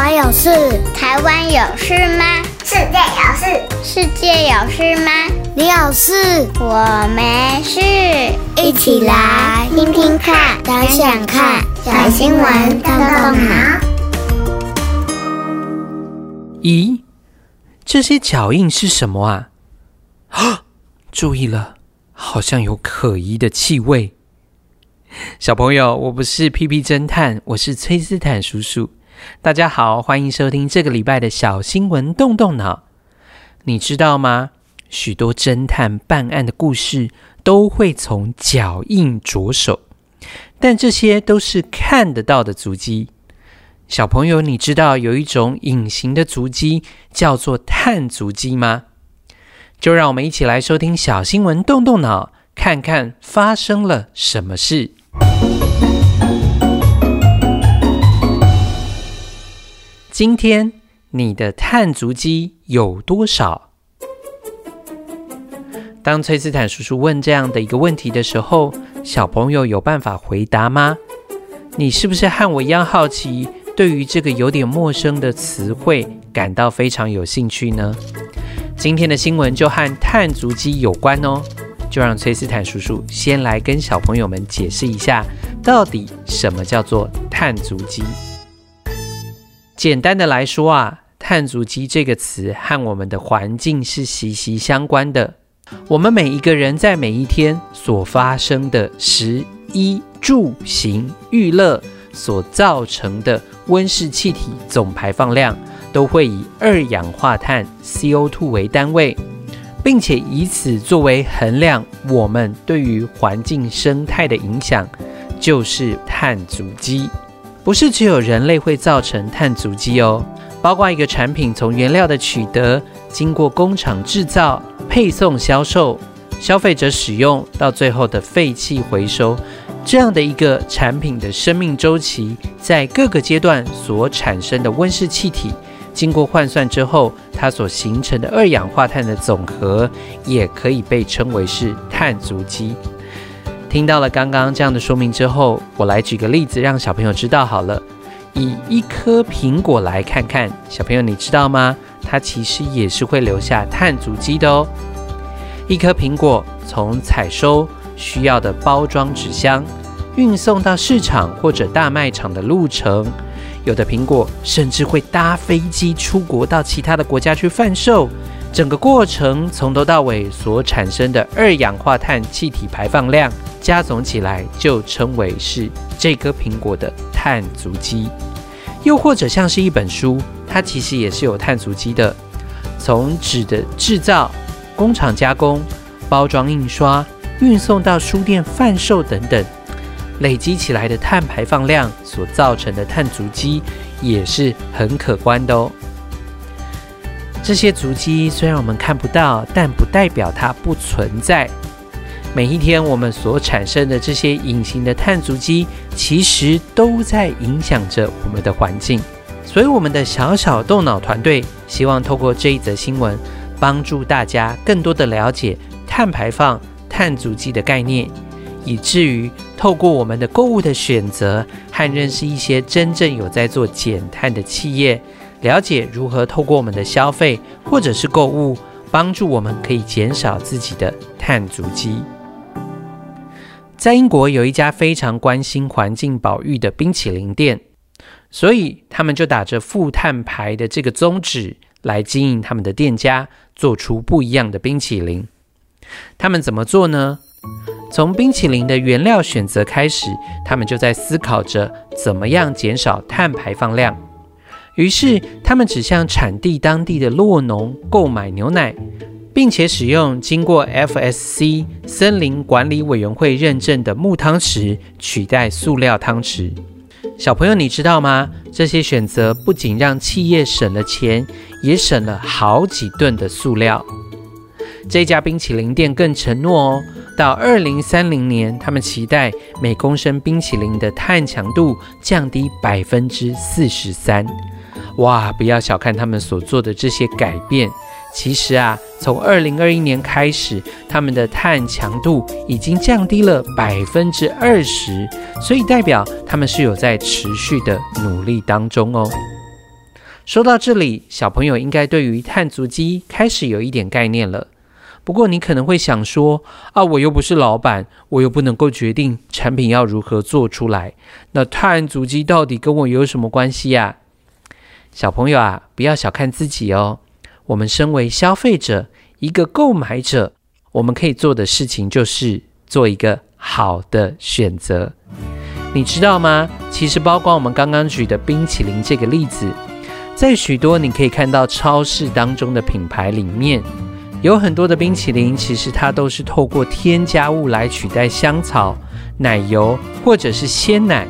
我有事，台灣有事嗎？世界有事，世界有事嗎？你有事，我沒事。一起來聽聽看，想想看，小新聞動動腦。咦，這些腳印是什麼啊？啊，注意了，好像有可疑的氣味。小朋友，我不是屁屁偵探，我是崔斯坦叔叔。大家好，歡迎收聽這個禮拜的小新聞，動動腦。你知道嗎？許多偵探辦案的故事都會從腳印着手，但這些都是看得到的足跡。小朋友，你知道有一種隱形的足跡叫做碳足跡嗎？就讓我們一起來收聽小新聞，動動腦，看看發生了什麼事。嗯。今天，你的碳足跡有多少？當崔斯坦叔叔問這樣的一個問題的時候，小朋友有辦法回答嗎？你是不是和我一樣好奇，對於這個有點陌生的詞彙，感到非常有興趣呢？今天的新聞就和碳足跡有關哦。就讓崔斯坦叔叔先來跟小朋友們解釋一下，到底什麼叫做碳足跡。簡單的來說啊，碳足跡這個詞和我們的環境是息息相關的。我們每一個人在每一天所發生的食衣住行娛樂所造成的溫室氣體總排放量，都會以二氧化碳 CO2 為單位，並且以此作為衡量我們對於環境生態的影響，就是碳足跡。不是只有人類會造成碳足跡哦，包括一個產品從原料的取得，經過工廠製造、配送、銷售、消費者使用到最後的廢棄回收，這樣的一個產品的生命周期，在各個階段所產生的溫室氣體，經過換算之後，它所形成的二氧化碳的總和，也可以被稱為是碳足跡。聽到了剛剛這樣的說明之後，我來舉個例子，讓小朋友知道好了。以一顆蘋果來看看，小朋友你知道嗎？它其實也是會留下碳足迹的哦。一顆蘋果從採收需要的包裝紙箱，運送到市場或者大賣場的路程，有的蘋果甚至會搭飛機出國到其他的國家去販售。整個過程從頭到尾所產生的二氧化碳氣體排放量加總起來，就稱為是這顆蘋果的碳足跡。又或者像是一本書，它其實也是有碳足跡的。從紙的製造、工廠加工、包裝、印刷、運送到書店販售等等，累積起來的碳排放量所造成的碳足跡，也是很可觀的哦。這些足跡雖然我們看不到，但不代表它不存在。每一天我們所產生的這些隱形的碳足跡，其實都在影響着我們的環境。所以，我們的小小動腦團隊希望透過這一則新聞，幫助大家更多的了解碳排放、碳足跡的概念，以至於透過我們的購物的選擇和認識一些真正有在做減碳的企業。了解如何透過我們的消費或者是購物，幫助我們可以減少自己的碳足跡。在英國有一家非常關心環境保育的冰淇淋店，所以他們就打着負碳排的這個宗旨，來經營他們的店家，做出不一樣的冰淇淋。他們怎麼做呢？從冰淇淋的原料選擇開始，他們就在思考着怎麼樣減少碳排放量。於是，他們只向產地當地的酪農購買牛奶，並且使用經過 FSC 森林管理委員會認證的木湯匙取代塑料湯匙。小朋友，你知道嗎？這些選擇不僅讓企業省了錢，也省了好幾噸的塑料。這家冰淇淋店更承諾哦，到二零三零年，他們期待每公升冰淇淋的碳強度降低百分之四十三。哇！不要小看他們所做的這些改變。其實啊，從二零二一年開始，他們的碳強度已經降低了百分之二十，所以代表他們是有在持續的努力當中哦。說到這裡，小朋友應該對於碳足跡開始有一點概念了。不過你可能會想說：啊，我又不是老闆，我又不能夠決定產品要如何做出來，那碳足跡到底跟我有什麼關係呀、啊？小朋友啊，不要小看自己哦。我們身為消費者，一個購買者，我們可以做的事情就是做一個好的選擇。你知道嗎？其實，包括我們剛剛舉的冰淇淋這個例子，在許多你可以看到超市當中的品牌裡面，有很多的冰淇淋，其實它都是透過添加物來取代香草、奶油或者是鮮奶。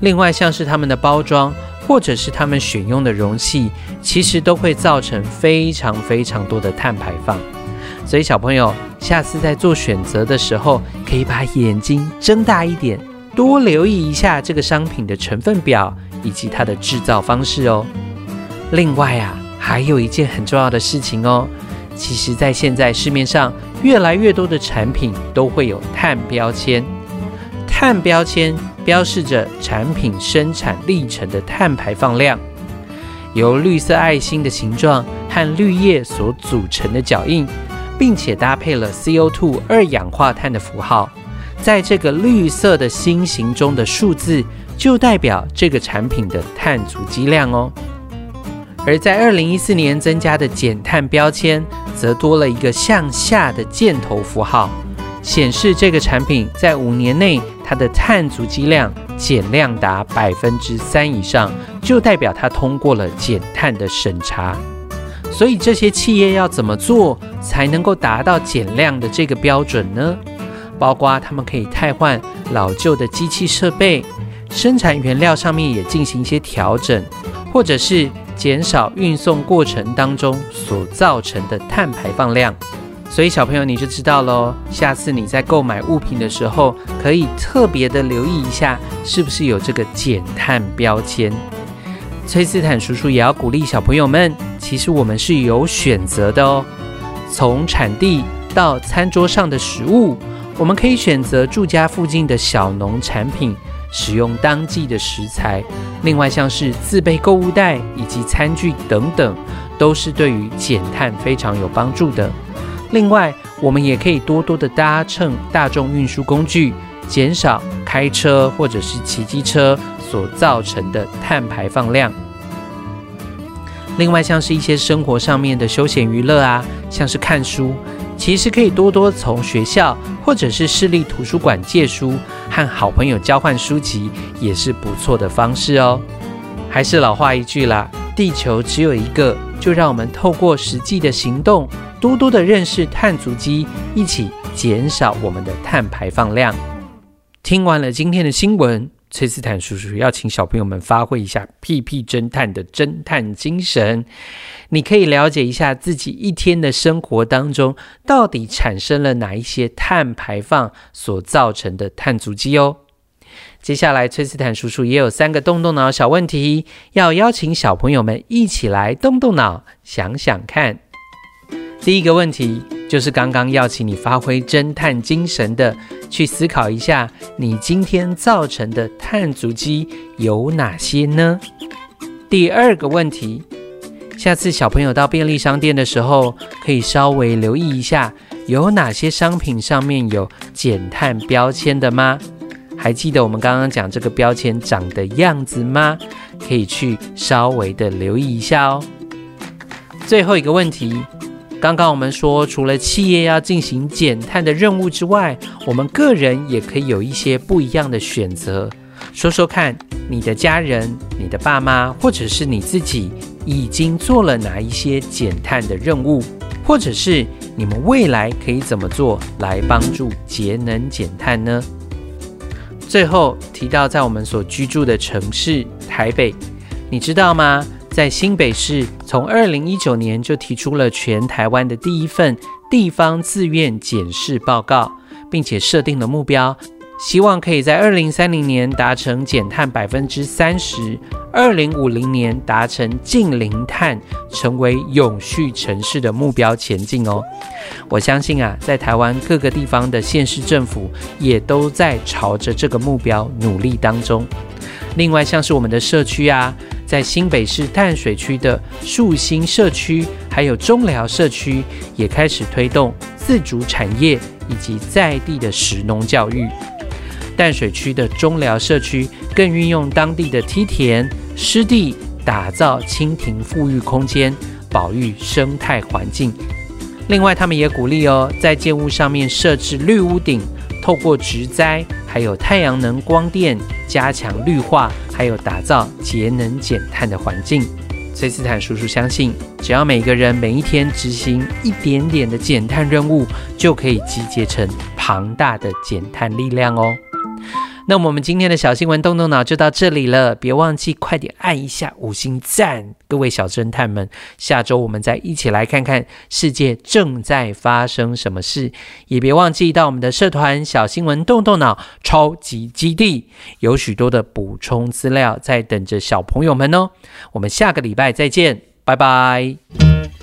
另外，像是他們的包裝。或者是他們選用的容器，其實都會造成非常非常多的碳排放。所以小朋友，下次在做選擇的時候，可以把眼睛睜大一點，多留意一下這個商品的成分表以及它的制造方式哦。另外啊，還有一件很重要的事情哦，其實在現在市面上越來越多的產品都會有碳標籤，碳標籤。標示着產品生產歷程的碳排放量，由綠色愛心的形狀和綠葉所組成的腳印，並且搭配了 CO2 二氧化碳的符號，在這個綠色的心形中的數字就代表這個產品的碳足跡量哦。而在2014年增加的減碳標籤，則多了一個向下的箭頭符號，顯示這個產品在五年內。它的碳足跡量減量達百分之三以上，就代表它通過了減碳的審查。所以這些企業要怎麼做才能夠達到減量的這個標準呢？包括他們可以替換老舊的機器設備，生產原料上面也進行一些調整，或者是減少運送過程當中所造成的碳排放量。所以小朋友，你就知道嘍哦。下次你在購買物品的時候，可以特別的留意一下，是不是有這個減碳標籤。崔斯坦叔叔也要鼓勵小朋友們，其實我們是有選擇的哦。從產地到餐桌上的食物，我們可以選擇住家附近的小農產品，使用當季的食材。另外，像是自備購物袋以及餐具等等，都是對於減碳非常有幫助的。另外，我們也可以多多的搭乘大眾運輸工具，減少開車或者是騎機車所造成的碳排放量。另外，像是一些生活上面的休閒娛樂啊，像是看書，其實可以多多從學校或者是市立圖書館借書，和好朋友交換書籍也是不錯的方式哦。還是老話一句啦，地球只有一個，就讓我們透過實際的行動。多多的認識碳足跡，一起減少我們的碳排放量。聽完了今天的新聞，崔斯坦叔叔要請小朋友們發揮一下屁屁偵探的偵探精神，你可以了解一下自己一天的生活當中，到底產生了哪一些碳排放所造成的碳足跡哦。接下來，崔斯坦叔叔也有三個動動腦小問題，要邀請小朋友們一起來動動腦，想想看。第一個問題就是剛剛要請你發揮偵探精神的去思考一下，你今天造成的碳足跡有哪些呢？第二個問題，下次小朋友到便利商店的時候，可以稍微留意一下，有哪些商品上面有減碳標籤的嗎？還記得我們剛剛講這個標籤長的樣子嗎？可以去稍微的留意一下哦。最後一個問題。剛剛我們說，除了企業要進行減碳的任務之外，我們個人也可以有一些不一樣的選擇。說說看，你的家人、你的爸媽，或者是你自己，已經做了哪一些減碳的任務？或者是你們未來可以怎麼做來幫助節能減碳呢？最後提到，在我們所居住的城市台北，你知道嗎？在新北市，從二零一九年就提出了全台灣的第一份地方自願檢視報告，並且設定了目標，希望可以在二零三零年達成減碳百分之三十，二零五零年達成淨零碳，成為永續城市的目標前進哦。我相信啊，在台灣各個地方的縣市政府也都在朝着這個目標努力當中。另外，像是我們的社區啊，在新北市淡水區的樹新社區，還有中寮社區，也開始推動自主產業以及在地的食農教育。淡水區的中寮社區更運用當地的梯田、濕地，打造蜻蜓復育空間，保育生態環境。另外，他們也鼓勵哦，在建物上面設置綠屋頂。透過植栽，還有太陽能光電，加強綠化，還有打造節能減碳的環境。崔斯坦叔叔相信，只要每個人每一天執行一點點的減碳任務，就可以集結成龐大的減碳力量哦。那我們今天的小新聞動動腦就到這裡了，別忘記快點按一下五星贊，各位小偵探們，下周我們再一起來看看世界正在發生什麼事，也別忘記到我們的社團小新聞動動腦超級基地，有許多的補充資料在等着小朋友們哦。我們下個禮拜再見，拜拜。嗯